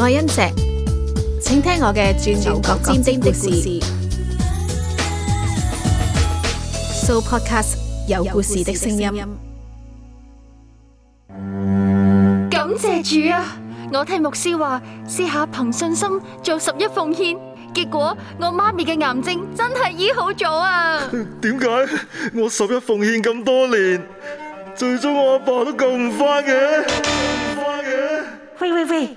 我係恩姐，請聽我嘅鑽牛角、牛角尖的故事。So podcast 有故事的聲音。感謝主啊！我聽牧師話，試下憑信心做十一奉獻，結果我媽咪嘅癌症真係醫好咗啊！點解我十一奉獻咁多年，最終我阿爸都救唔翻嘅？喂喂喂！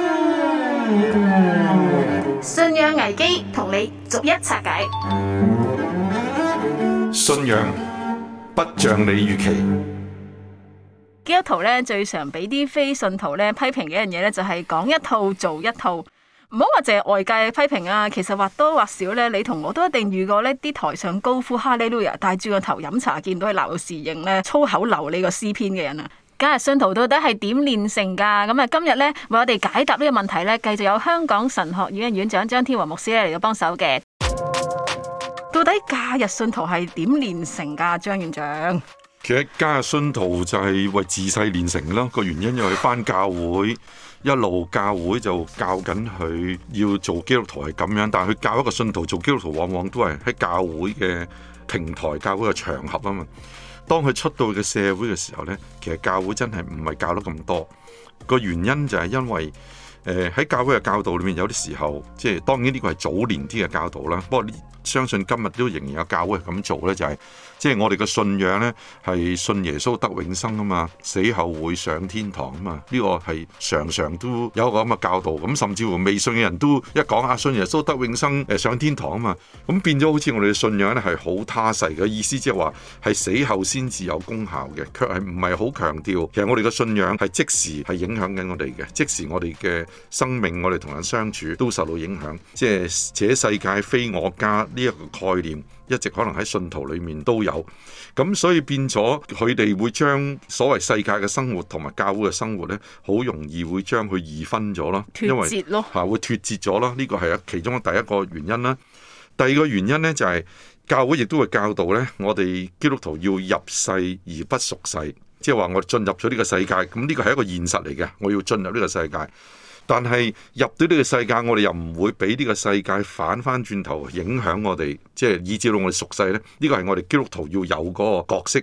信仰危機，同你逐一拆解。信仰不像你預期。基督徒咧最常俾啲非信徒咧批評嘅一樣嘢咧，就係講一套做一套。唔好話淨係外界批評啊，其實或多或少咧，你同我都一定遇過呢啲台上高呼哈利路亞，帶住個頭飲茶，見到係鬧到侍應咧，粗口流你個詩篇嘅人啊！假日信徒到底係點練成噶？咁啊，今日咧為我哋解答呢個問題咧，繼續有香港神學院院長張天華牧師咧嚟到幫手嘅。到底假日信徒係點練成噶？張院長，其實假日信徒就係、是、為自細練成咯。個原因因為返教會一路教會就教緊佢要做基督徒係咁樣，但係佢教一個信徒做基督徒，往往都係喺教會嘅平台、教會嘅場合啊嘛。當佢出到嘅社會嘅時候咧，其實教會真係唔係教得咁多，個原因就係因為。誒喺、呃、教會嘅教導裏面，有啲時候即係當然呢個係早年啲嘅教導啦。不過我相信今日都仍然有教會係咁做咧，就係、是、即係我哋嘅信仰咧，係信耶穌得永生啊嘛，死後會上天堂啊嘛。呢、這個係常常都有一個咁嘅教導。咁甚至乎未信嘅人都一講啊，信耶穌得永生誒、呃、上天堂啊嘛。咁變咗好似我哋嘅信仰咧係好他世嘅意思就是說，即係話係死後先至有功效嘅，卻係唔係好強調。其實我哋嘅信仰係即時係影響緊我哋嘅，即時我哋嘅。生命，我哋同人相處都受到影響，即係這世界非我家呢一個概念，一直可能喺信徒裏面都有，咁所以變咗佢哋會將所謂世界嘅生活同埋教會嘅生活呢，好容易會將佢二分咗咯，脫節咯，吓會脫節咗啦。呢個係一其中嘅第一個原因啦。第二個原因呢，就係教會亦都會教導呢，我哋基督徒要入世而不屬世，即係話我哋進入咗呢個世界，咁呢個係一個現實嚟嘅，我要進入呢個世界。但係入到呢個世界，我哋又唔會俾呢個世界反翻轉頭影響我哋，即係以至到我哋熟世咧。呢個係我哋基督徒要有嗰個角色。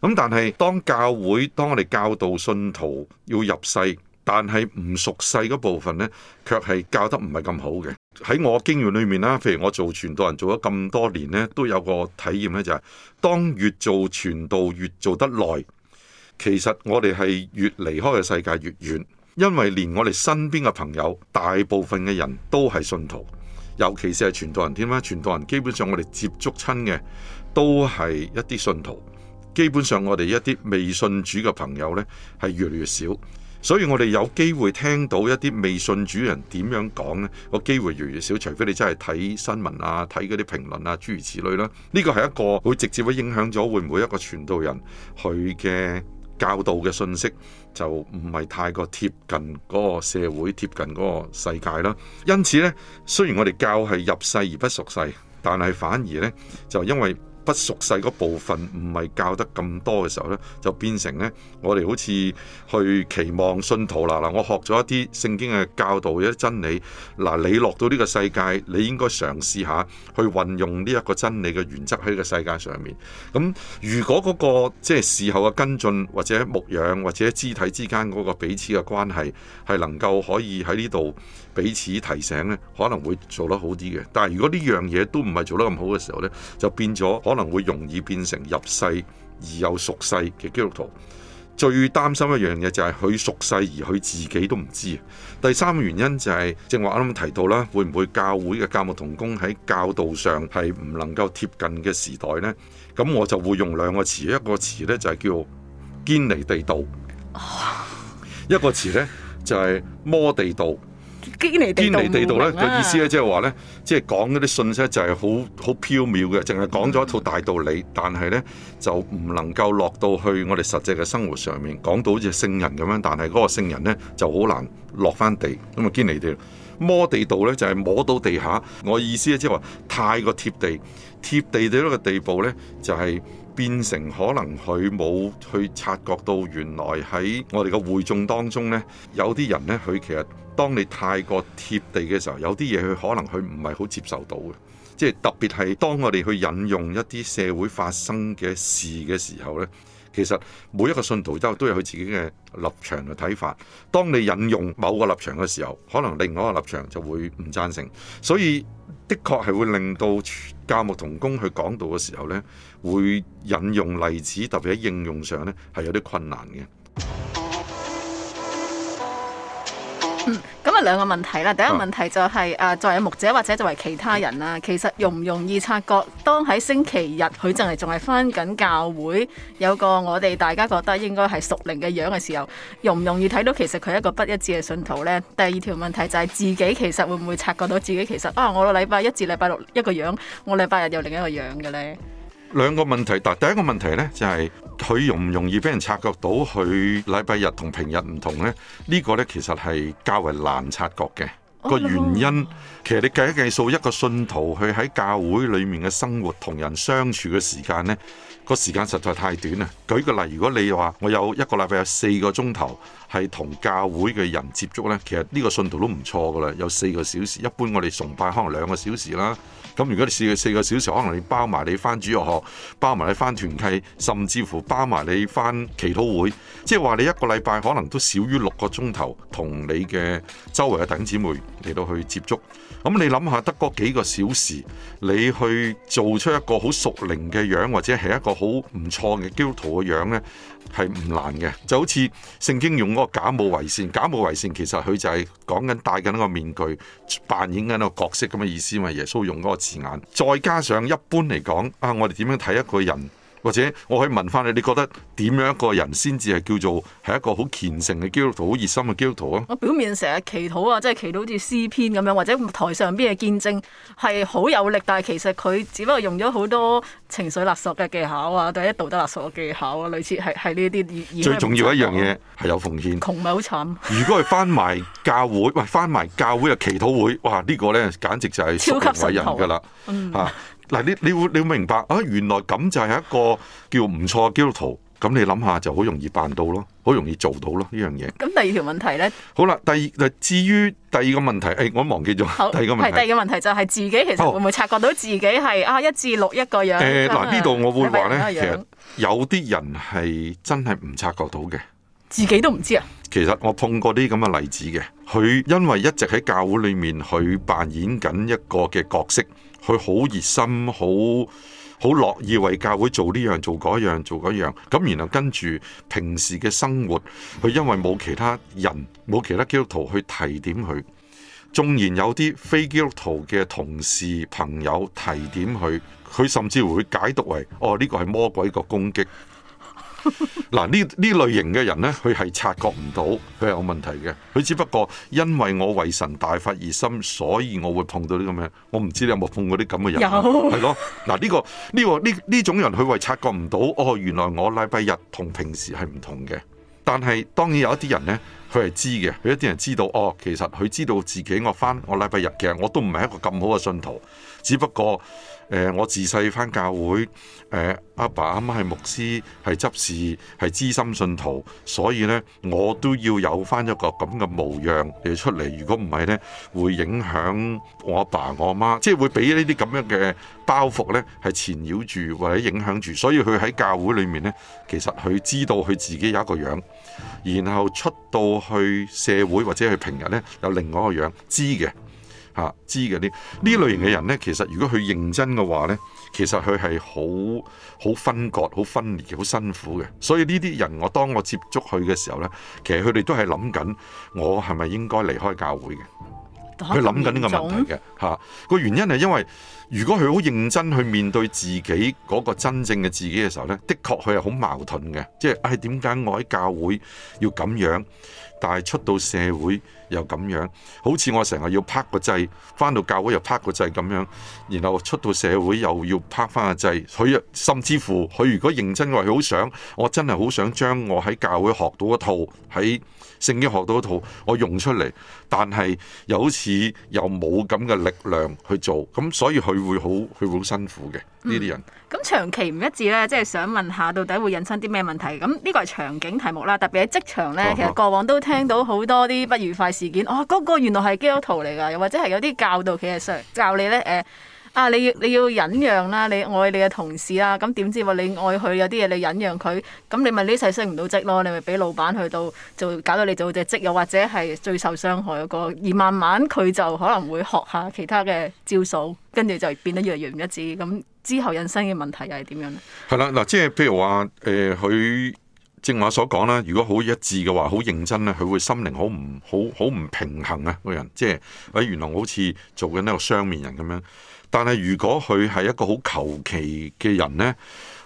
咁但係當教會當我哋教導信徒要入世，但係唔熟世嗰部分呢，卻係教得唔係咁好嘅。喺我經驗裏面啦，譬如我做傳道人做咗咁多年呢，都有個體驗呢，就係當越做傳道越做得耐，其實我哋係越離開嘅世界越遠。因為連我哋身邊嘅朋友，大部分嘅人都係信徒，尤其是係傳道人添啦。傳道人基本上我哋接觸親嘅都係一啲信徒，基本上我哋一啲未信主嘅朋友呢係越嚟越少，所以我哋有機會聽到一啲未信主人點樣講呢，個機會越嚟越少。除非你真係睇新聞啊，睇嗰啲評論啊，諸如此類啦。呢個係一個會直接會影響咗會唔會一個傳道人佢嘅。教導嘅信息就唔係太過貼近嗰個社會，貼近嗰個世界啦。因此呢，雖然我哋教係入世而不俗世，但係反而呢，就因為。不熟悉嗰部分唔係教得咁多嘅時候呢，就變成呢。我哋好似去期望信徒啦嗱，我學咗一啲聖經嘅教導，一啲真理嗱，你落到呢個世界，你應該嘗試下去運用呢一個真理嘅原則喺呢個世界上面。咁如果嗰個即係事後嘅跟進或者牧養或者肢體之間嗰個彼此嘅關係係能夠可以喺呢度。彼此提醒咧，可能會做得好啲嘅。但係如果呢樣嘢都唔係做得咁好嘅時候呢，就變咗可能會容易變成入世而又熟世嘅基督徒。最擔心一樣嘢就係佢熟世而佢自己都唔知。第三個原因就係正話啱啱提到啦，會唔會教會嘅教牧同工喺教導上係唔能夠貼近嘅時代呢？咁我就會用兩個詞，一個詞呢，就係叫堅離地道，一個詞呢，就係摸地道。堅尼地道咧，啊，就意思咧，即係話咧，即係講嗰啲信息就係好好飄渺嘅，淨係講咗一套大道理，嗯、但係咧就唔能夠落到去我哋實際嘅生活上面，講到好似聖人咁樣，但係嗰個聖人咧就好難落翻地，咁啊堅尼地道，摸地道咧就係、是、摸到地下，我意思咧即係話太過貼地，貼地到一個地步咧就係、是。變成可能佢冇去察覺到，原來喺我哋嘅會眾當中呢，有啲人呢，佢其實當你太過貼地嘅時候，有啲嘢佢可能佢唔係好接受到嘅，即係特別係當我哋去引用一啲社會發生嘅事嘅時候呢。其實每一個信徒都都有佢自己嘅立場同睇法。當你引用某個立場嘅時候，可能另外一個立場就會唔贊成，所以的確係會令到教牧同工去講道嘅時候呢，會引用例子，特別喺應用上呢係有啲困難嘅。咁啊，兩、嗯、個問題啦。第一個問題就係、是、誒、啊啊，作為牧者或者作為其他人啦，其實容唔容易察覺？當喺星期日佢淨係仲係翻緊教會，有個我哋大家覺得應該係屬靈嘅樣嘅時候，容唔容易睇到其實佢一個不一致嘅信徒呢？第二條問題就係自己其實會唔會察覺到自己其實啊，我個禮拜一至禮拜六一個樣，我禮拜日又另一個樣嘅呢。兩個問題，嗱第一個問題呢，就係、是、佢容唔容易俾人察覺到佢禮拜日同平日唔同呢，呢、這個呢，其實係較為難察覺嘅、oh、no. 個原因。其實你計一計數，一個信徒佢喺教會裡面嘅生活同人相處嘅時間呢，個時間實在太短啦！舉個例，如果你話我有一個禮拜有四個鐘頭係同教會嘅人接觸呢，其實呢個信徒都唔錯噶啦，有四個小時。一般我哋崇拜可能兩個小時啦。咁如果你四個四個小時，可能你包埋你返主日學，包埋你返團契，甚至乎包埋你返祈禱會，即係話你一個禮拜可能都少於六個鐘頭，同你嘅周圍嘅弟兄姊妹嚟到去接觸。咁你諗下，得嗰幾個小時，你去做出一個好屬靈嘅樣，或者係一個好唔錯嘅基督徒嘅樣呢？係唔難嘅，就好似聖經用嗰個假冒為善，假冒為善其實佢就係講緊戴緊個面具，扮演緊個角色咁嘅意思嘛。耶穌用嗰個字眼，再加上一般嚟講，啊，我哋點樣睇一個人？或者我可以問翻你，你覺得點樣一個人先至係叫做係一個好虔誠嘅基督徒、好熱心嘅基督徒啊？我表面成日祈禱啊，即係祈禱好似詩篇咁樣，或者台上邊嘅見證係好有力，但係其實佢只不過用咗好多情緒勒索嘅技巧啊，定係道德勒索嘅技巧啊，類似係係呢啲。最重要的一樣嘢係有奉獻。窮咪好慘。如果係翻埋教會，喂翻埋教會嘅祈禱會，哇！呢個咧簡直就係超級神人㗎啦，嚇、嗯。嗱，你你會你會明白啊，原來咁就係一個叫唔錯嘅基督徒，咁你諗下就好容易辦到咯，好容易做到咯呢樣嘢。咁第二條問題呢？好啦，第二至於第二個問題，誒、欸，我忘記咗。好第二個問題，第二個問題就係自己其實會唔會察覺到自己係、哦、啊一至六一個樣？誒、啊，嗱呢度我會話呢，其實有啲人係真係唔察覺到嘅，自己都唔知啊。其實我碰過啲咁嘅例子嘅，佢因為一直喺教會裏面佢扮演緊一個嘅角色。佢好熱心，好好樂意為教會做呢樣做嗰樣做嗰樣。咁然後跟住平時嘅生活，佢因為冇其他人冇其他基督徒去提點佢，縱然有啲非基督徒嘅同事朋友提點佢，佢甚至會解讀為哦，呢個係魔鬼嘅攻擊。嗱，呢呢 類型嘅人呢，佢係察覺唔到，佢係有問題嘅。佢只不過因為我為神大發熱心，所以我會碰到呢咁樣。我唔知你有冇碰過啲咁嘅人？啊，係有 咯。嗱，這個，呢，這個呢個呢呢種人，佢係察覺唔到哦，原來我禮拜日同平時係唔同嘅。但係當然有一啲人呢，佢係知嘅，有一啲人知道哦，其實佢知道自己我翻我禮拜日嘅，我，我都唔係一個咁好嘅信徒，只不過。誒、呃，我自細翻教會，誒、呃，阿爸阿媽係牧師，係執事，係資深信徒，所以呢，我都要有翻一個咁嘅模樣你出嚟。如果唔係呢，會影響我爸我媽，即係會俾呢啲咁樣嘅包袱呢係纏繞住或者影響住。所以佢喺教會裏面呢，其實佢知道佢自己有一個樣，然後出到去社會或者佢平日呢，有另外一個樣知嘅。嚇、啊，知嘅呢呢類型嘅人呢，其實如果佢認真嘅話呢，其實佢係好好分割、好分裂、好辛苦嘅。所以呢啲人，我當我接觸佢嘅時候呢，其實佢哋都係諗緊我係咪應該離開教會嘅？佢諗緊呢個問題嘅嚇。個、啊、原因係因為如果佢好認真去面對自己嗰、那個真正嘅自己嘅時候呢，的確佢係好矛盾嘅，即係唉，點解我喺教會要咁樣，但係出到社會。又咁樣，好似我成日要拍個掣，返到教會又拍個掣咁樣，然後出到社會又要拍返個掣。佢甚至乎，佢如果認真嘅話，佢好想，我真係好想將我喺教會學到一套，喺聖經學到一套，我用出嚟。但係又好似又冇咁嘅力量去做，咁所以佢會好，佢會好辛苦嘅。呢啲人咁長期唔一致咧，即係想問下到底會引申啲咩問題？咁呢個係場景題目啦，特別喺職場咧，其實過往都聽到好多啲不愉快事件。哦，嗰、哦哦那個原來係基督徒嚟噶，又或者係有啲教導其係教你咧，啊，你要你要忍讓啦，你愛你嘅同事啦。咁點知話你愛佢有啲嘢你忍讓佢，咁你咪呢世升唔到職咯？你咪俾老闆去到就搞到你做隻職，又或者係最受傷害嗰、那個，而慢慢佢就可能會學下其他嘅招數，跟住就變得越嚟越唔一致咁。嗯。之後人生嘅問題又係點樣呢？係啦，嗱，即係譬如話，誒，佢正話所講啦。如果好一致嘅話，好認真咧，佢會心靈好唔好好唔平衡啊！個人即係，誒，原來好似做緊呢個雙面人咁樣。但係如果佢係一個好求其嘅人呢，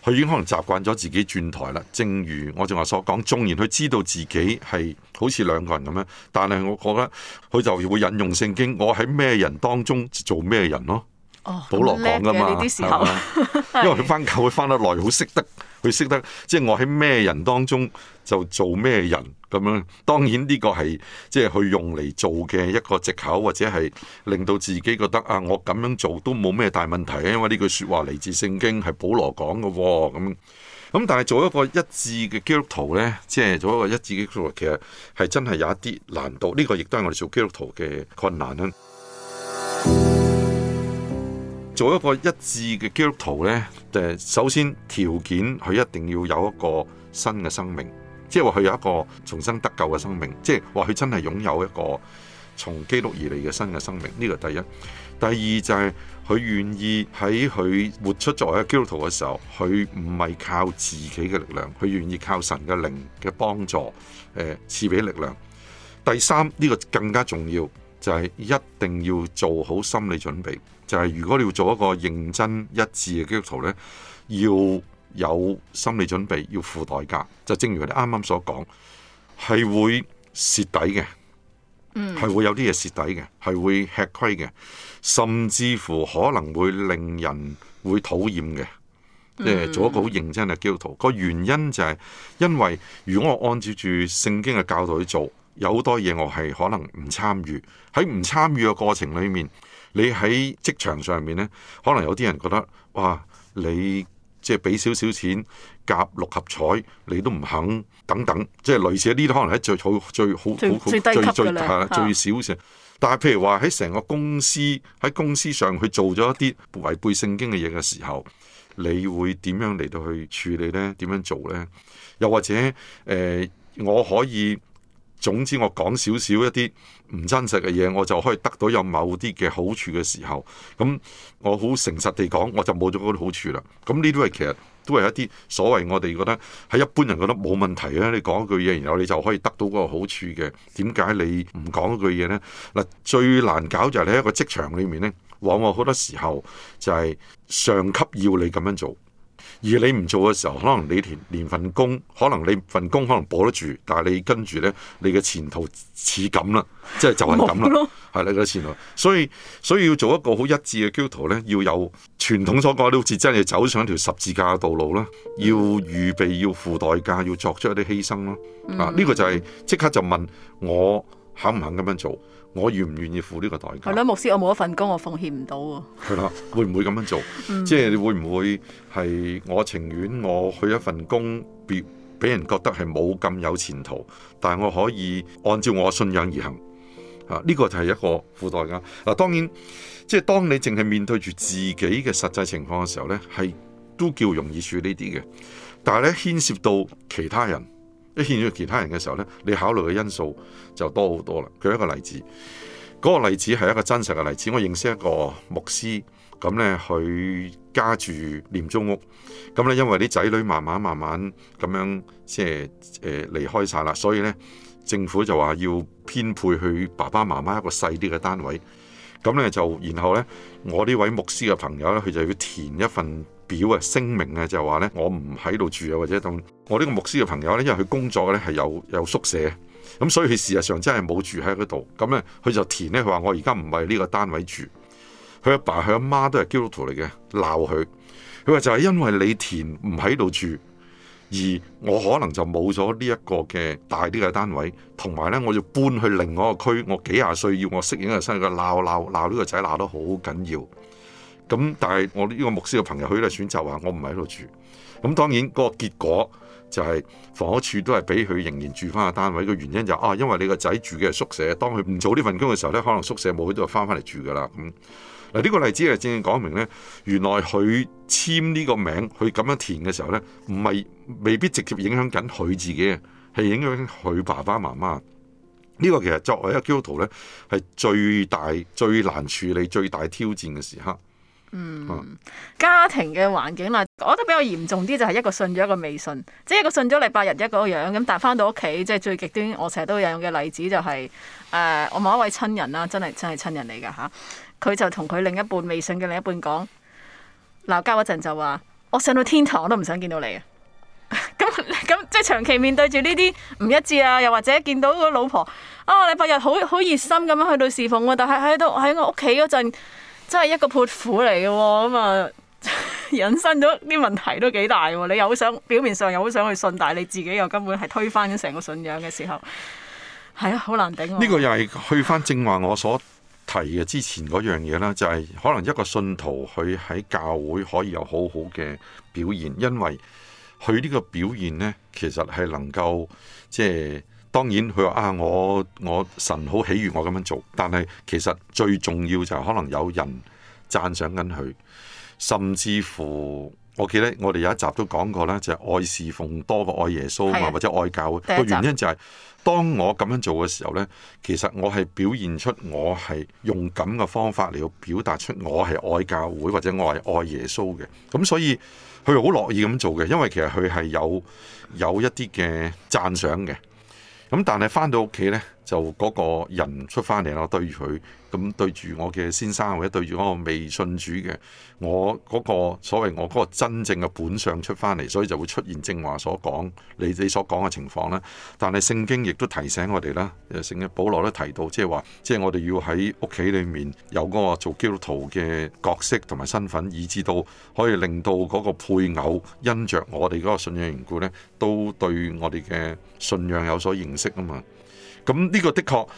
佢已經可能習慣咗自己轉台啦。正如我正話所講，縱然佢知道自己係好似兩個人咁樣，但係我覺得佢就會引用聖經：我喺咩人當中做咩人咯。哦、保羅講噶嘛，因為佢翻教會翻得耐，好識得，佢識得，即係我喺咩人當中就做咩人咁樣。當然呢個係即係佢用嚟做嘅一個借口，或者係令到自己覺得啊，我咁樣做都冇咩大問題啊。因為呢句說話嚟自聖經，係保羅講噶，咁咁但係做一個一致嘅基督徒呢，即係做一個一致嘅基督徒，其實係真係有一啲難度。呢個亦都係我哋做基督徒嘅困難啦。做一個一致嘅基督徒呢，誒、就係，首先條件佢一定要有一個新嘅生命，即係話佢有一個重生得救嘅生命，即係話佢真係擁有一個從基督而嚟嘅新嘅生命，呢、呢個第一。第二就係佢願意喺佢活出作為一個基督徒嘅時候，佢唔係靠自己嘅力量，佢願意靠神嘅靈嘅幫助誒賜俾力量。第三呢、呢個更加重要就係、係、一定要做好心理準備。就係如果你要做一個認真一致嘅基督徒呢，要有心理準備，要付代價。就正如你啱啱所講，係會蝕底嘅，嗯，係會有啲嘢蝕底嘅，係會吃虧嘅，甚至乎可能會令人會討厭嘅。即係做一個好認真嘅基督徒，個原因就係因為如果我按照住聖經嘅教導去做，有好多嘢我係可能唔參與。喺唔參與嘅過程裏面。你喺職場上面呢，可能有啲人覺得，哇！你即係俾少少錢夾六合彩，你都唔肯等等，即係類似呢啲，可能喺最好最好最最,最,最低級嘅，最少嘅。但係譬如話喺成個公司喺公司上去做咗一啲違背聖經嘅嘢嘅時候，你會點樣嚟到去處理呢？點樣做呢？又或者誒、呃，我可以？總之我講少少一啲唔真實嘅嘢，我就可以得到有某啲嘅好處嘅時候，咁我好誠實地講，我就冇咗嗰個好處啦。咁呢啲係其實都係一啲所謂我哋覺得喺一般人覺得冇問題咧，你講一句嘢，然後你就可以得到嗰個好處嘅。點解你唔講一句嘢呢？嗱，最難搞就係你喺個職場裏面呢，往往好多時候就係上級要你咁樣做。而你唔做嘅時候，可能你連連份工，可能你份工可能保得住，但係你跟住咧，你嘅前途似咁啦，即係就係咁啦，係你嘅前途。所以所以要做一個好一致嘅基督徒咧，要有傳統所講，你好似真係走上一條十字架嘅道路啦，要預備要付代價，要作出一啲犧牲啦。啊、嗯，呢個就係、是、即刻就問我肯唔肯咁樣做。我願唔願意付呢個代價？係啦，牧師，我冇一份工，我奉獻唔到。係 啦，會唔會咁樣做？嗯、即係你會唔會係我情願我去一份工，別俾人覺得係冇咁有前途，但係我可以按照我嘅信仰而行。啊，呢、呢個就係一個付代價。嗱、啊，當然，即係當你淨係面對住自己嘅實際情況嘅時候呢，係都叫容易處理啲嘅。但係咧，牽涉到其他人。一見到其他人嘅時候呢，你考慮嘅因素就多好多啦。舉一個例子，嗰個例子係一個真實嘅例子。我認識一個牧師，咁呢，佢家住廉租屋，咁呢，因為啲仔女慢慢慢慢咁樣即係誒離開晒啦，所以呢，政府就話要編配去爸爸媽媽一個細啲嘅單位，咁呢，就然後呢，我呢位牧師嘅朋友呢，佢就要填一份。表啊，聲明啊，就係話咧，我唔喺度住啊，或者當我呢個牧師嘅朋友咧，因為佢工作咧係有有宿舍，咁所以佢事實上真係冇住喺嗰度。咁咧佢就填咧，佢話我而家唔係呢個單位住。佢阿爸佢阿媽都係基督徒嚟嘅，鬧佢。佢話就係因為你填唔喺度住，而我可能就冇咗呢一個嘅大啲嘅單位，同埋咧我要搬去另外一個區，我幾廿歲要我適應人生嘅鬧鬧鬧呢個仔鬧得好緊要。咁但係我呢個牧師嘅朋友佢都係選擇話我唔喺度住，咁當然嗰個結果就係房屋處都係俾佢仍然住翻個單位。個原因就係啊，因為你個仔住嘅係宿舍，當佢唔做呢份工嘅時候咧，可能宿舍冇佢都翻返嚟住噶啦。咁嗱呢個例子係正正講明咧，原來佢簽呢個名，佢咁樣填嘅時候咧，唔係未必直接影響緊佢自己，係影響佢爸爸媽媽。呢個其實作為一個基督徒咧，係最大最難處理、最大挑戰嘅時刻。嗯，家庭嘅環境啦，我覺得比較嚴重啲，就係、是、一個信咗一個未信，即、就、係、是、一個信咗禮拜日一個樣咁，但係返到屋企，即、就、係、是、最極端，我成日都有用嘅例子就係、是，誒、呃，我某一位親人啦，真係真係親人嚟㗎吓，佢、啊、就同佢另一半未信嘅另一半講，鬧交嗰陣就話，我上到天堂我都唔想見到你啊！咁咁即係長期面對住呢啲唔一致啊，又或者見到個老婆啊禮拜日好好熱心咁樣去到侍奉喎，但係喺度喺我屋企嗰陣。真係一個潑婦嚟嘅咁啊，引申咗啲問題都幾大。你又好想表面上又好想去信，但係你自己又根本係推翻咗成個信仰嘅時候，係、哎、啊，好難頂啊。呢個又係去翻正話我所提嘅之前嗰樣嘢啦，就係、是、可能一個信徒佢喺教會可以有好好嘅表現，因為佢呢個表現呢，其實係能夠即係。當然，佢話啊，我我神好喜悅我咁樣做，但係其實最重要就係可能有人讚賞緊佢，甚至乎我記得我哋有一集都講過啦，就係、是、愛侍奉多過愛耶穌啊嘛，或者愛教會個原因就係、是、當我咁樣做嘅時候呢，其實我係表現出我係用咁嘅方法嚟到表達出我係愛教會或者我係愛耶穌嘅，咁所以佢好樂意咁做嘅，因為其實佢係有有一啲嘅讚賞嘅。咁但係返到屋企咧。就嗰個人出翻嚟，我對住佢，咁對住我嘅先生或者對住嗰個未信主嘅，我嗰個所謂我嗰個真正嘅本相出翻嚟，所以就會出現正話所講你你所講嘅情況啦。但係聖經亦都提醒我哋啦，聖經保羅都提到，即係話即係我哋要喺屋企裏面有嗰個做基督徒嘅角色同埋身份，以至到可以令到嗰個配偶因着我哋嗰個信仰緣故呢，都對我哋嘅信仰有所認識啊嘛～咁呢個的確，誒、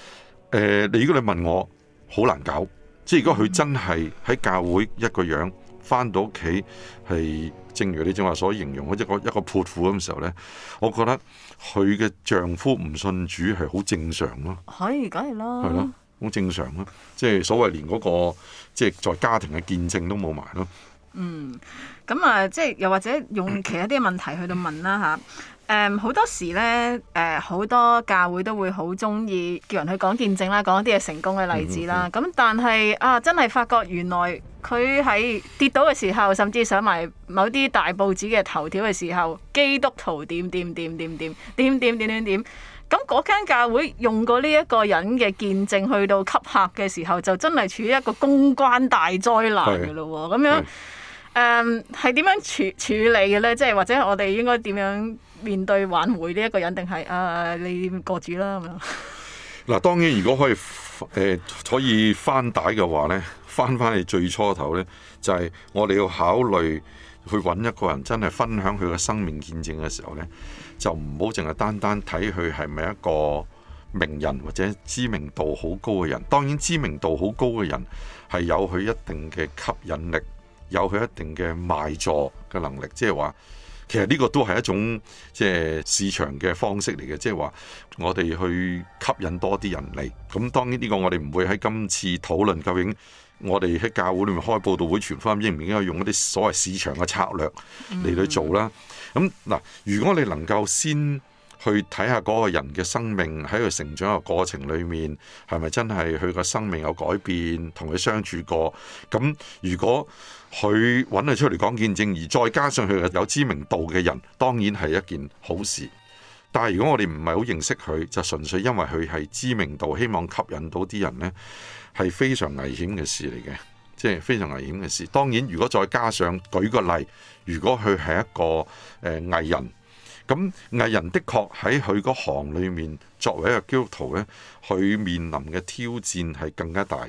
呃，你如果你問我，好難搞。即係如果佢真係喺教會一個樣，返到屋企係正如你正話所形容，好似一個潑婦咁嘅時候呢，我覺得佢嘅丈夫唔信主係好正常咯。可以梗係咯，係咯，好正常咯。即係所謂連嗰、嗰個即係在家庭嘅見證都冇埋咯。嗯，咁啊，即係又或者用其他啲問題去到問啦嚇。誒，好、um, 多時咧，誒，好多教會都會好中意叫人去講見證啦，講一啲嘢，成功嘅例子啦。咁、嗯嗯嗯、但係啊，真係發覺原來佢喺跌倒嘅時候，甚至上埋某啲大報紙嘅頭條嘅時候，基督徒點點點點點點點點點點，咁嗰間教會用過呢一個人嘅見證去到吸客嘅時候，就真係處於一個公關大災難嘅咯。咁是樣，誒是，係點、um, 樣處處理嘅咧？即、就、係、是、或者我哋應該點樣？面對挽回呢一個人，定係啊你個主啦咁樣。嗱， 當然如果可以誒、呃、可以翻帶嘅話呢，翻翻去最初頭呢，就係、是、我哋要考慮去揾一個人真係分享佢嘅生命見證嘅時候呢，就唔好淨係單單睇佢係咪一個名人或者知名度好高嘅人。當然知名度好高嘅人係有佢一定嘅吸引力，有佢一定嘅賣座嘅能力，即係話。其實呢個都係一種即係、就是、市場嘅方式嚟嘅，即係話我哋去吸引多啲人嚟。咁當然呢個我哋唔會喺今次討論究竟我哋喺教會裏面開佈道會傳福音，應唔應該用一啲所謂市場嘅策略嚟去做啦。咁嗱、嗯，如果你能夠先，去睇下嗰個人嘅生命喺佢成長嘅過程裏面，係咪真係佢個生命有改變，同佢相處過，咁如果佢揾佢出嚟講見證，而再加上佢有知名度嘅人，當然係一件好事。但係如果我哋唔係好認識佢，就純粹因為佢係知名度，希望吸引到啲人呢，係非常危險嘅事嚟嘅，即係非常危險嘅事。當然，如果再加上舉個例，如果佢係一個誒藝人。咁藝人的確喺佢個行裏面作為一個基督徒，呢佢面臨嘅挑戰係更加大，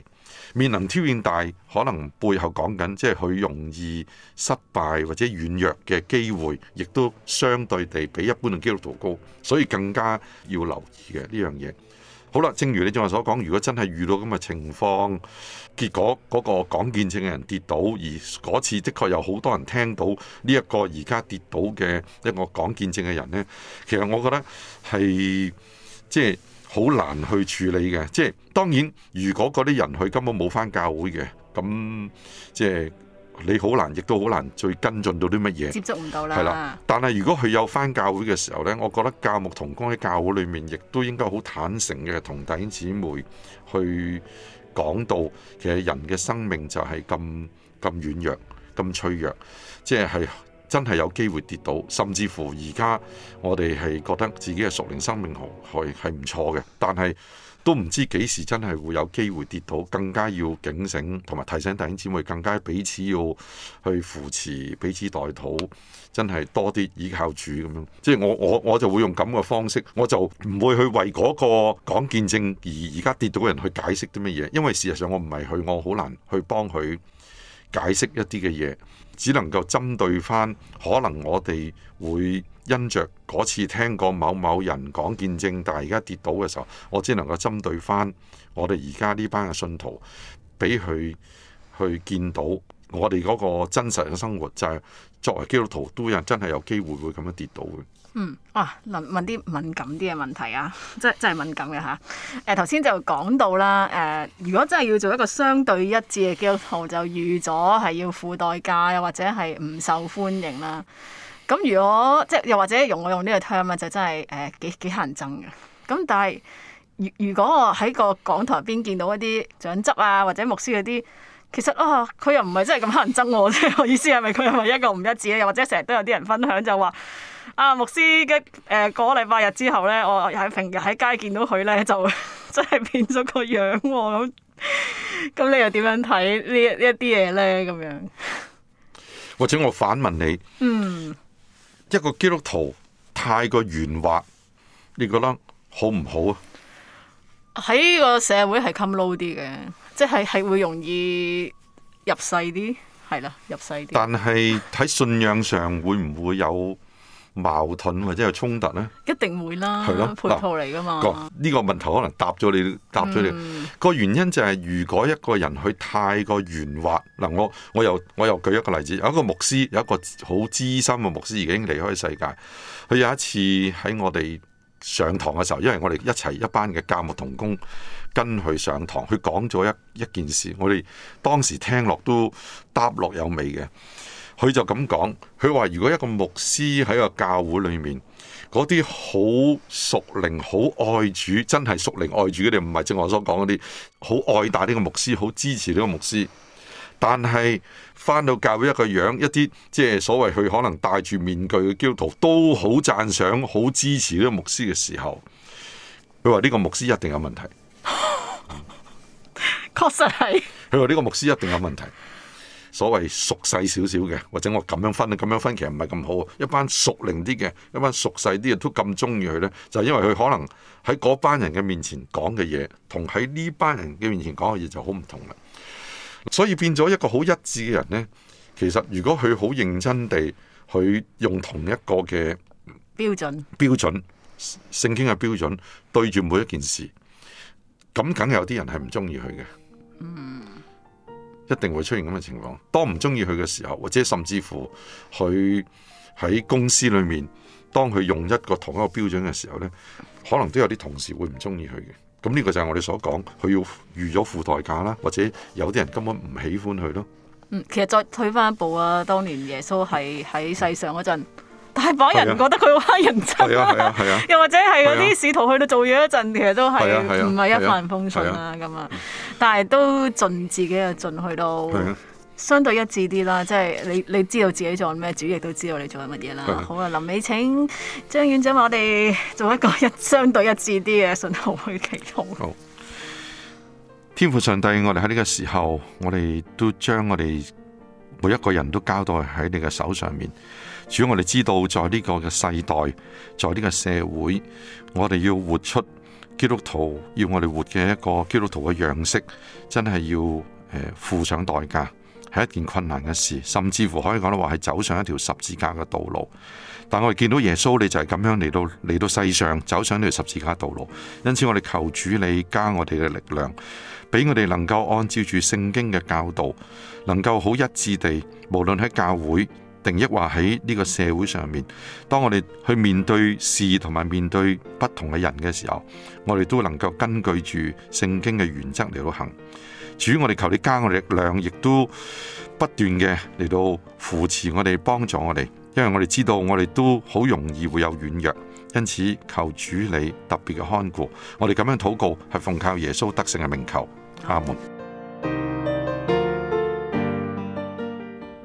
面臨挑戰大，可能背後講緊即係佢容易失敗或者軟弱嘅機會，亦都相對地比一般嘅基督徒高，所以更加要留意嘅呢樣嘢。好啦，正如你正話所講，如果真係遇到咁嘅情況，結果嗰個講見證嘅人跌倒，而嗰次的確有好多人聽到呢一個而家跌倒嘅一個講見證嘅人呢，其實我覺得係即係好難去處理嘅。即係當然，如果嗰啲人佢根本冇返教會嘅，咁即係。你好難，亦都好難再跟進到啲乜嘢，接觸唔到啦。係啦，但係如果佢有返教會嘅時候呢，我覺得教牧同工喺教會裏面亦都應該好坦誠嘅同弟兄姊妹去講到，其實人嘅生命就係咁咁軟弱、咁脆弱，即係真係有機會跌倒，甚至乎而家我哋係覺得自己嘅屬靈生命係係唔錯嘅，但係，都唔知幾時真係會有機會跌到，更加要警醒同埋提醒弟兄姊妹，更加彼此要去扶持、彼此代禱，真係多啲依靠主咁樣。即係我我我就會用咁嘅方式，我就唔會去為嗰個講見證而而家跌到嘅人去解釋啲乜嘢，因為事實上我唔係佢，我好難去幫佢解釋一啲嘅嘢，只能夠針對翻可能我哋會。因着嗰次聽過某某人講見證，但係而家跌倒嘅時候，我只能夠針對翻我哋而家呢班嘅信徒，俾佢去見到我哋嗰個真實嘅生活，就係作為基督徒都有人真係有機會會咁樣跌倒嘅。嗯，哇，問啲敏感啲嘅問題啊，即係真係敏感嘅嚇。誒頭先就講到啦，誒如果真係要做一個相對一致嘅基督徒，就預咗係要付代價，又或者係唔受歡迎啦。咁如果即係又或者用我用呢個 term 咧，就真係誒幾幾乞人憎嘅。咁但係如如果我喺個講台邊見到一啲長執啊或者牧師嗰啲，其實啊佢又唔係真係咁乞人憎我即係。我意思係咪佢係咪一個唔一致咧？又或者成日都有啲人分享就話啊牧師嘅，誒，個禮拜日之後咧，我喺平日喺街見到佢咧，就真係變咗個樣喎。咁咁你又點樣睇呢一啲嘢咧？咁樣或者我，我反問你，嗯。一個基督徒太過圓滑，你覺得好唔好啊？喺呢個社會係襟撈啲嘅，即係係會容易入世啲，係啦，入世啲。但係喺信仰上會唔會有？矛盾或者有衝突呢，一定會啦。係咯了，配套嚟噶嘛？呢個問題可能答咗你，答咗你。個、嗯、原因就係，如果一個人佢太過圓滑嗱，我我又我又舉一個例子，有一個牧師，有一個好資深嘅牧師已經離開世界。佢有一次喺我哋上堂嘅時候，因為我哋一齊一班嘅教牧同工跟佢上堂，佢講咗一一件事，我哋當時聽落都答落有味嘅。佢就咁講，佢話：如果一個牧師喺個教會裏面，嗰啲好屬靈、好愛主、真係屬靈愛主嗰啲，唔係正話所講嗰啲，好愛戴呢個牧師、好支持呢個牧師。但係返到教會一個樣，一啲即係所謂佢可能戴住面具嘅基督徒，都好讚賞、好支持呢個牧師嘅時候，佢話呢個牧師一定有問題。確實係，佢話呢個牧師一定有問題。所謂熟細少少嘅，或者我咁樣分，咁樣分其實唔係咁好。一班熟齡啲嘅，一班熟細啲嘅都咁中意佢呢，就係因為佢可能喺嗰班人嘅面前講嘅嘢，同喺呢班人嘅面前講嘅嘢就好唔同啦。所以變咗一個好一致嘅人呢，其實如果佢好認真地去用同一個嘅標準，標準聖經嘅標準對住每一件事，咁梗有啲人係唔中意佢嘅。嗯。一定會出現咁嘅情況。當唔中意佢嘅時候，或者甚至乎佢喺公司裏面，當佢用一個同一個標準嘅時候呢，可能都有啲同事會唔中意佢嘅。咁呢個就係我哋所講，佢要預咗付代價啦，或者有啲人根本唔喜歡佢咯。嗯，其實再退翻一步啊，當年耶穌係喺世上嗰陣。嗯大把人覺得佢好黑人憎，又或者係嗰啲試圖去到做嘢一陣，其實都係唔係一帆風順啦咁啊！但係都盡自己嘅盡，去到相對一致啲啦，即係你你知道自己做咩，主亦都知道你做緊乜嘢啦。好啊，林美，請張院長，我哋做一個一相對一致啲嘅信號去祈禱。天父上帝，我哋喺呢個時候，我哋都將我哋每一個人都交代喺你嘅手上面。主要我哋知道，在呢個嘅世代，在呢個社會，我哋要活出基督徒，要我哋活嘅一個基督徒嘅樣式，真係要誒、呃、付上代價，係一件困難嘅事，甚至乎可以講到話係走上一條十字架嘅道路。但我哋見到耶穌，你就係咁樣嚟到嚟到世上，走上呢條十字架道路。因此，我哋求主你加我哋嘅力量，俾我哋能夠按照住聖經嘅教導，能夠好一致地，無論喺教會。定抑或喺呢個社會上面，當我哋去面對事同埋面對不同嘅人嘅時候，我哋都能夠根據住聖經嘅原則嚟到行。主，我哋求你加我力量，亦都不斷嘅嚟到扶持我哋、幫助我哋。因為我哋知道我哋都好容易會有軟弱，因此求主你特別嘅看顧。我哋咁樣禱告係奉靠耶穌得勝嘅名求，阿門。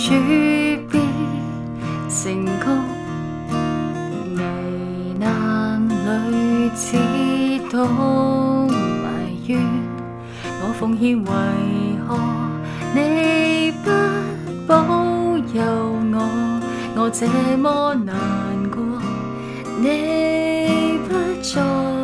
訣別成歌，危難裏只懂埋怨。我奉獻為何你不保佑我？我這麼難過，你不再。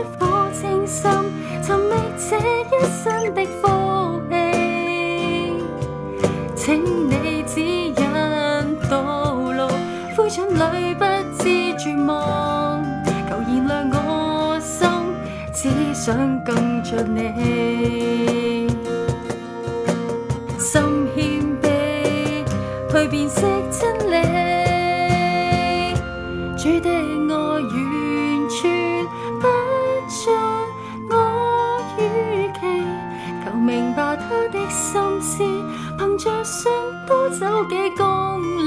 一顆清心，尋覓這一生的福氣。請你指引道路，灰燼裏不知絕望，求燃亮我心，只想跟著你。